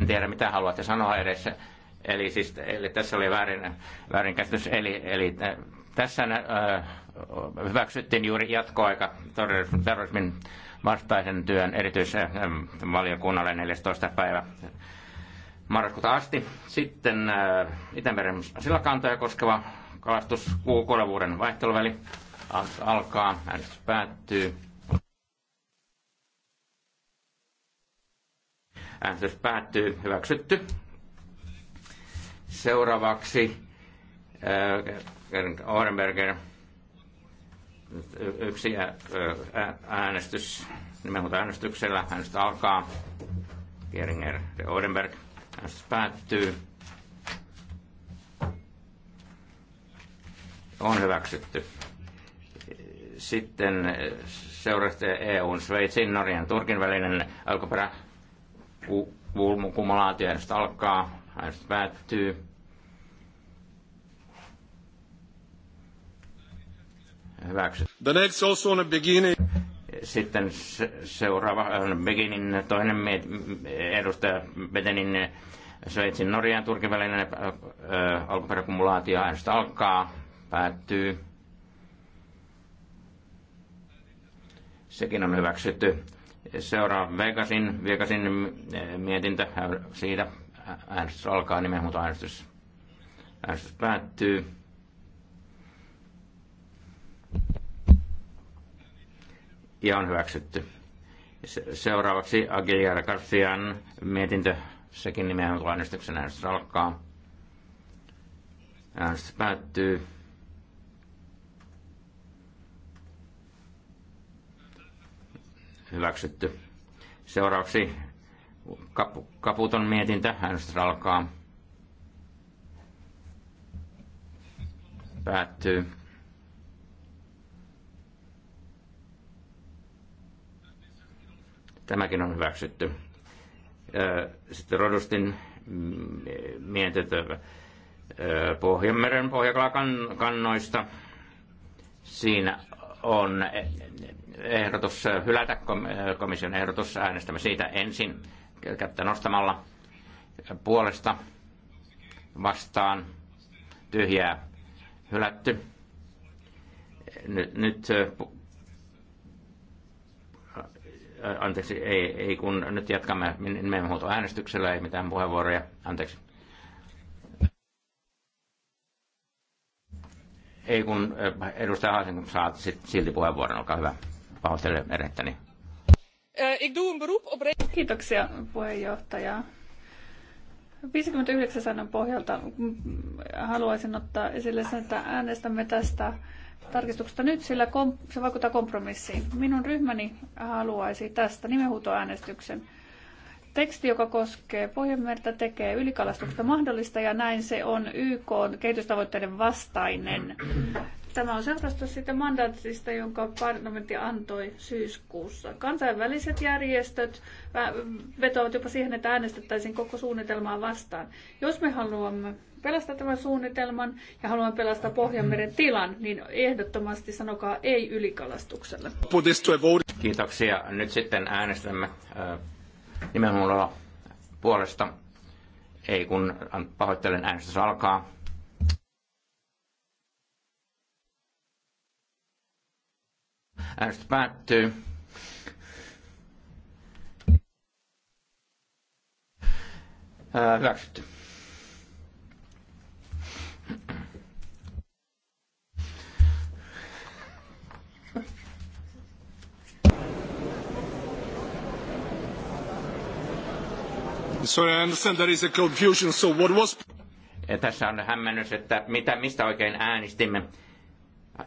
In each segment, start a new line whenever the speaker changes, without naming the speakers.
En tiedä, mitä haluatte sanoa edes. Eli, siis, eli tässä oli väärin, väärinkäsitys. Eli, eli tässä äh, hyväksyttiin juuri jatkoaika terrorismin vastaisen työn erityisvaliokunnalle äh, 14. päivä marraskuuta asti. Sitten äh, Itämeren silakantoja koskeva kalastus kuulevuuden vaihteluväli. Äänestys alkaa, äänestys päättyy. Äänestys päättyy, hyväksytty. Seuraavaksi äh, Orenberger yksi äh, äänestys nimenomaan äänestyksellä. Äänestys alkaa. Geringer de Odenberg. Äänestys päättyy. On hyväksytty. Sitten seurasta EUn, Sveitsin, Norjan, Turkin välinen alkuperä kumulaatio alkaa, äänestys päättyy. The next also on a beginning. Sitten seuraava on Beginin toinen edustaja Betenin Sveitsin, Norjan, Turkin välinen alkuperäkumulaatio äänestys alkaa, päättyy. Sekin on hyväksytty. Seuraa Vegasin, Vegasin eh, mietintö siitä. Äänestys alkaa mutta Äänestys päättyy. ja on hyväksytty. Seuraavaksi Aguilera Garcian mietintö, sekin nimeä äänestyksen äänestys alkaa. Äänestys päättyy. hyväksytty. Seuraavaksi kapu, kaputon mietintä. Äänestys alkaa. Päättyy. Tämäkin on hyväksytty. Sitten Rodustin mietintö Pohjanmeren pohjakalakannoista. Siinä on ehdotus hylätä komission ehdotus äänestämme siitä ensin kättä nostamalla puolesta vastaan tyhjää hylätty. Nyt, nyt anteeksi, ei, ei kun nyt jatkamme äänestyksellä ei mitään puheenvuoroja, anteeksi. Ei kun eh, edustaja kun saa silti puheenvuoron, olkaa hyvä. Pahoittelen erettäni.
Eh, Kiitoksia puheenjohtaja. 59 sanan pohjalta mm, haluaisin ottaa esille sen, että äänestämme tästä tarkistuksesta nyt, sillä se vaikuttaa kompromissiin. Minun ryhmäni haluaisi tästä nimenhuutoäänestyksen. äänestyksen Teksti, joka koskee Pohjanmerta, tekee ylikalastusta mahdollista ja näin se on YK on kehitystavoitteiden vastainen. Tämä on seurasta siitä mandaatista, jonka parlamentti antoi syyskuussa. Kansainväliset järjestöt vetoavat jopa siihen, että äänestettäisiin koko suunnitelmaa vastaan. Jos me haluamme pelastaa tämän suunnitelman ja haluamme pelastaa Pohjanmeren tilan, niin ehdottomasti sanokaa ei ylikalastukselle.
Kiitoksia. Nyt sitten äänestämme Nimenhuudolla puolesta. Ei kun pahoittelen äänestys alkaa. Äänestys päättyy. Hyväksytty. Sorry, I understand is a confusion. So what was... Tässä on hämmennys, että mitä, mistä oikein äänestimme.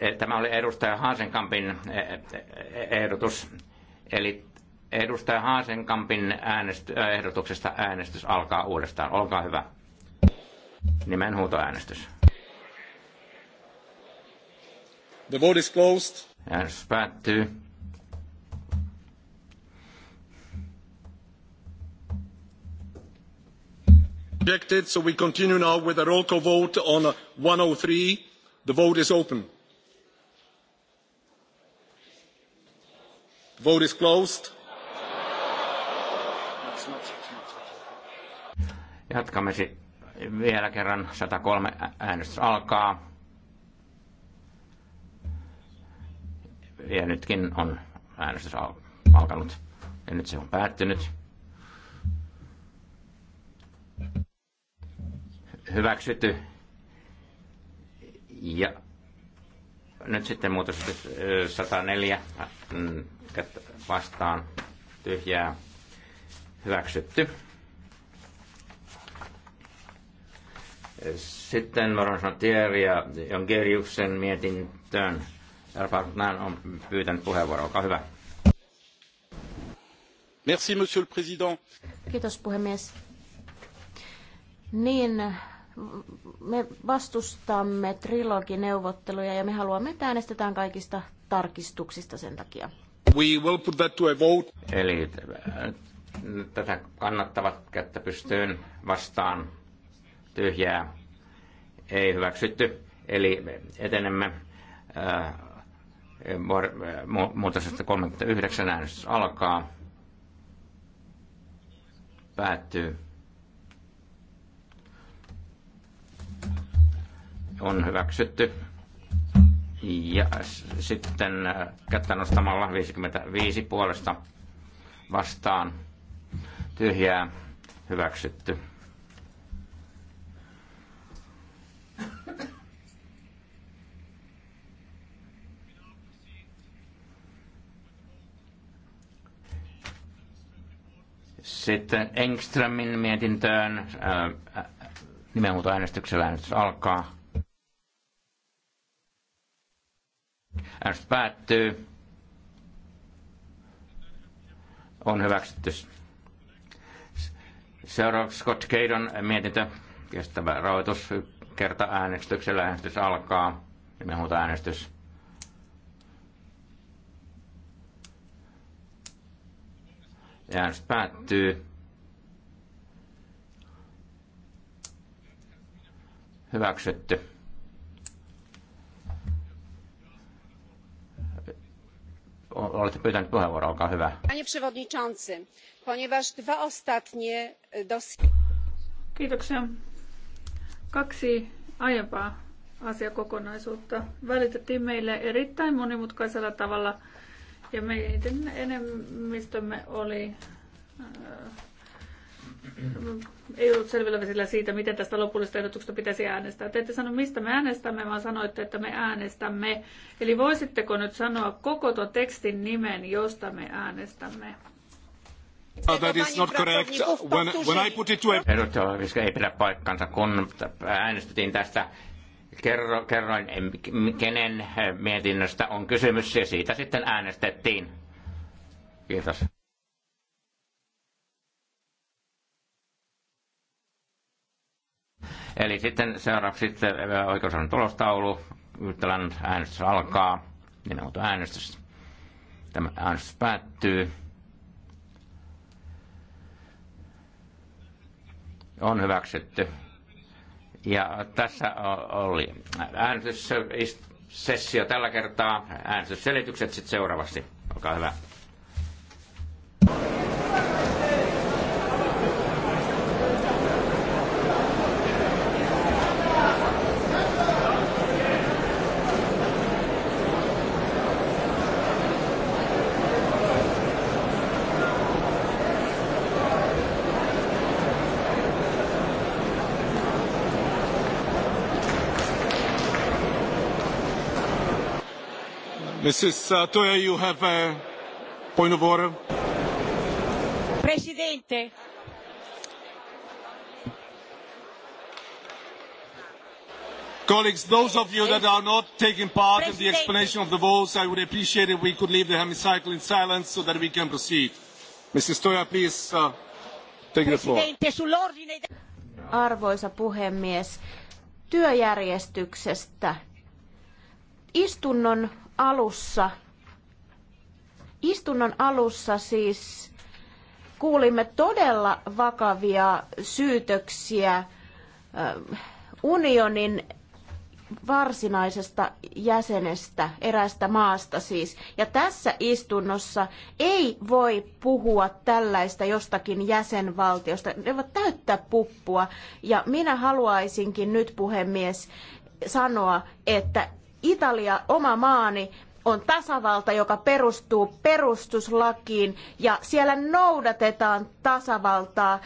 Eh, tämä oli edustaja Haasenkampin eh, eh, ehdotus. Eli edustaja Haasenkampin äänest- ehdotuksesta äänestys alkaa uudestaan. Olkaa hyvä. Nimenhuutoäänestys. The vote is closed. Äänestys päättyy. rejected so we continue
now with a roll call vote on one hundred oh and three the vote is open the vote is closed
Jatkamme vielä kerran. satakolme äänestys alkaa. Ja nytkin on äänestys alkanut. Ja nyt se on päättynyt. hyväksytty. Ja nyt sitten muutos 104 mm, vastaan tyhjää hyväksytty. Sitten Moronsantieri ja Jongeriuksen mietintöön. Näin on pyytänyt puheenvuoroa. Olkaa hyvä. Merci, monsieur le président.
Kiitos puhemies. Niin, me vastustamme trilogineuvotteluja ja me haluamme, että äänestetään kaikista tarkistuksista sen takia.
We will put that to a vote. Eli äh, tätä kannattavat kättä pystyyn vastaan tyhjää ei hyväksytty. Eli etenemme äh, äh, muutosesta 39 äänestys alkaa, päättyy on hyväksytty. Ja sitten äh, kättä nostamalla 55 puolesta vastaan tyhjää hyväksytty. Sitten Engströmin mietintöön. Äh, äh, nimenhuutoäänestyksellä äänestys alkaa. Äänestys päättyy. On hyväksytty. Seuraavaksi Scott Keidon mietintö. Kestävä rahoitus kerta äänestyksellä. Äänestys alkaa. Nimenhuuta äänestys. äänestys päättyy. Hyväksytty.
Panie przewodniczący, ponieważ dwa ostatnie e, Kaksi aiempaa asiakokonaisuutta välitettiin meille erittäin monimutkaisella tavalla ja meidän enemmistömme oli Mm. ei ollut selvillä vesillä siitä, miten tästä lopullisesta ehdotuksesta pitäisi äänestää. Te ette sano, mistä me äänestämme, vaan sanoitte, että me äänestämme. Eli voisitteko nyt sanoa koko tuon tekstin nimen, josta me äänestämme?
Oh, that is not correct. When, when I put it to a... Edustaja ei pidä paikkansa, kun äänestettiin tästä kerro, kerroin, kenen mietinnöstä on kysymys ja siitä sitten äänestettiin. Kiitos. Eli sitten seuraavaksi sitten eh, oikeusalan tulostaulu. Yhtälän äänestys alkaa. on niin äänestys. Tämä äänestys päättyy. On hyväksytty. Ja tässä oli äänestyssessio tällä kertaa. Äänestysselitykset sitten seuraavasti. Olkaa hyvä. Mrs. Toia, uh, you have a point of order.
Presidente.
Colleagues, those of you that are not taking part Presidente. in the explanation of the votes, I would appreciate if we could leave the hemicycle in silence so that we can proceed. Mrs. please uh, take the floor.
Arvoisa puhemies, työjärjestyksestä. Istunnon alussa, istunnon alussa siis kuulimme todella vakavia syytöksiä unionin varsinaisesta jäsenestä, erästä maasta siis. Ja tässä istunnossa ei voi puhua tällaista jostakin jäsenvaltiosta. Ne voivat täyttää puppua. Ja minä haluaisinkin nyt, puhemies, sanoa, että Italia, oma maani, on tasavalta, joka perustuu perustuslakiin ja siellä noudatetaan tasavaltaa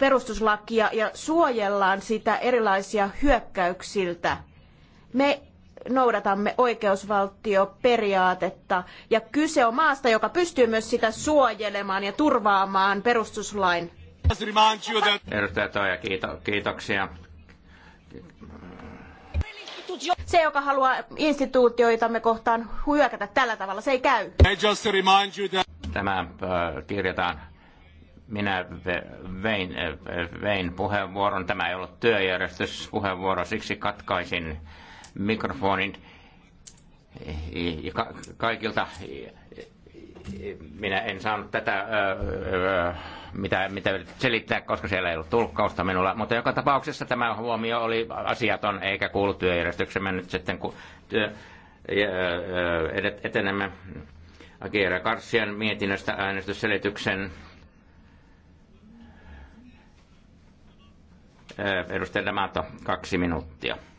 perustuslakia ja suojellaan sitä erilaisia hyökkäyksiltä. Me noudatamme oikeusvaltioperiaatetta ja kyse on maasta, joka pystyy myös sitä suojelemaan ja turvaamaan perustuslain.
Edustaja Toija, kiito, kiitoksia
se, joka haluaa instituutioitamme kohtaan hyökätä tällä tavalla, se ei käy.
Tämä äh, kirjataan minä vein, äh, vein puheenvuoron. Tämä ei ollut työjärjestyspuheenvuoro, siksi katkaisin mikrofonin kaikilta minä en saanut tätä, mitä, mitä selittää, koska siellä ei ollut tulkkausta minulla. Mutta joka tapauksessa tämä huomio oli asiaton, eikä kuulu työjärjestyksemme nyt sitten, kun työ, etenemme Akira Karsian mietinnöstä äänestysselityksen. Edustaja Damato, kaksi minuuttia.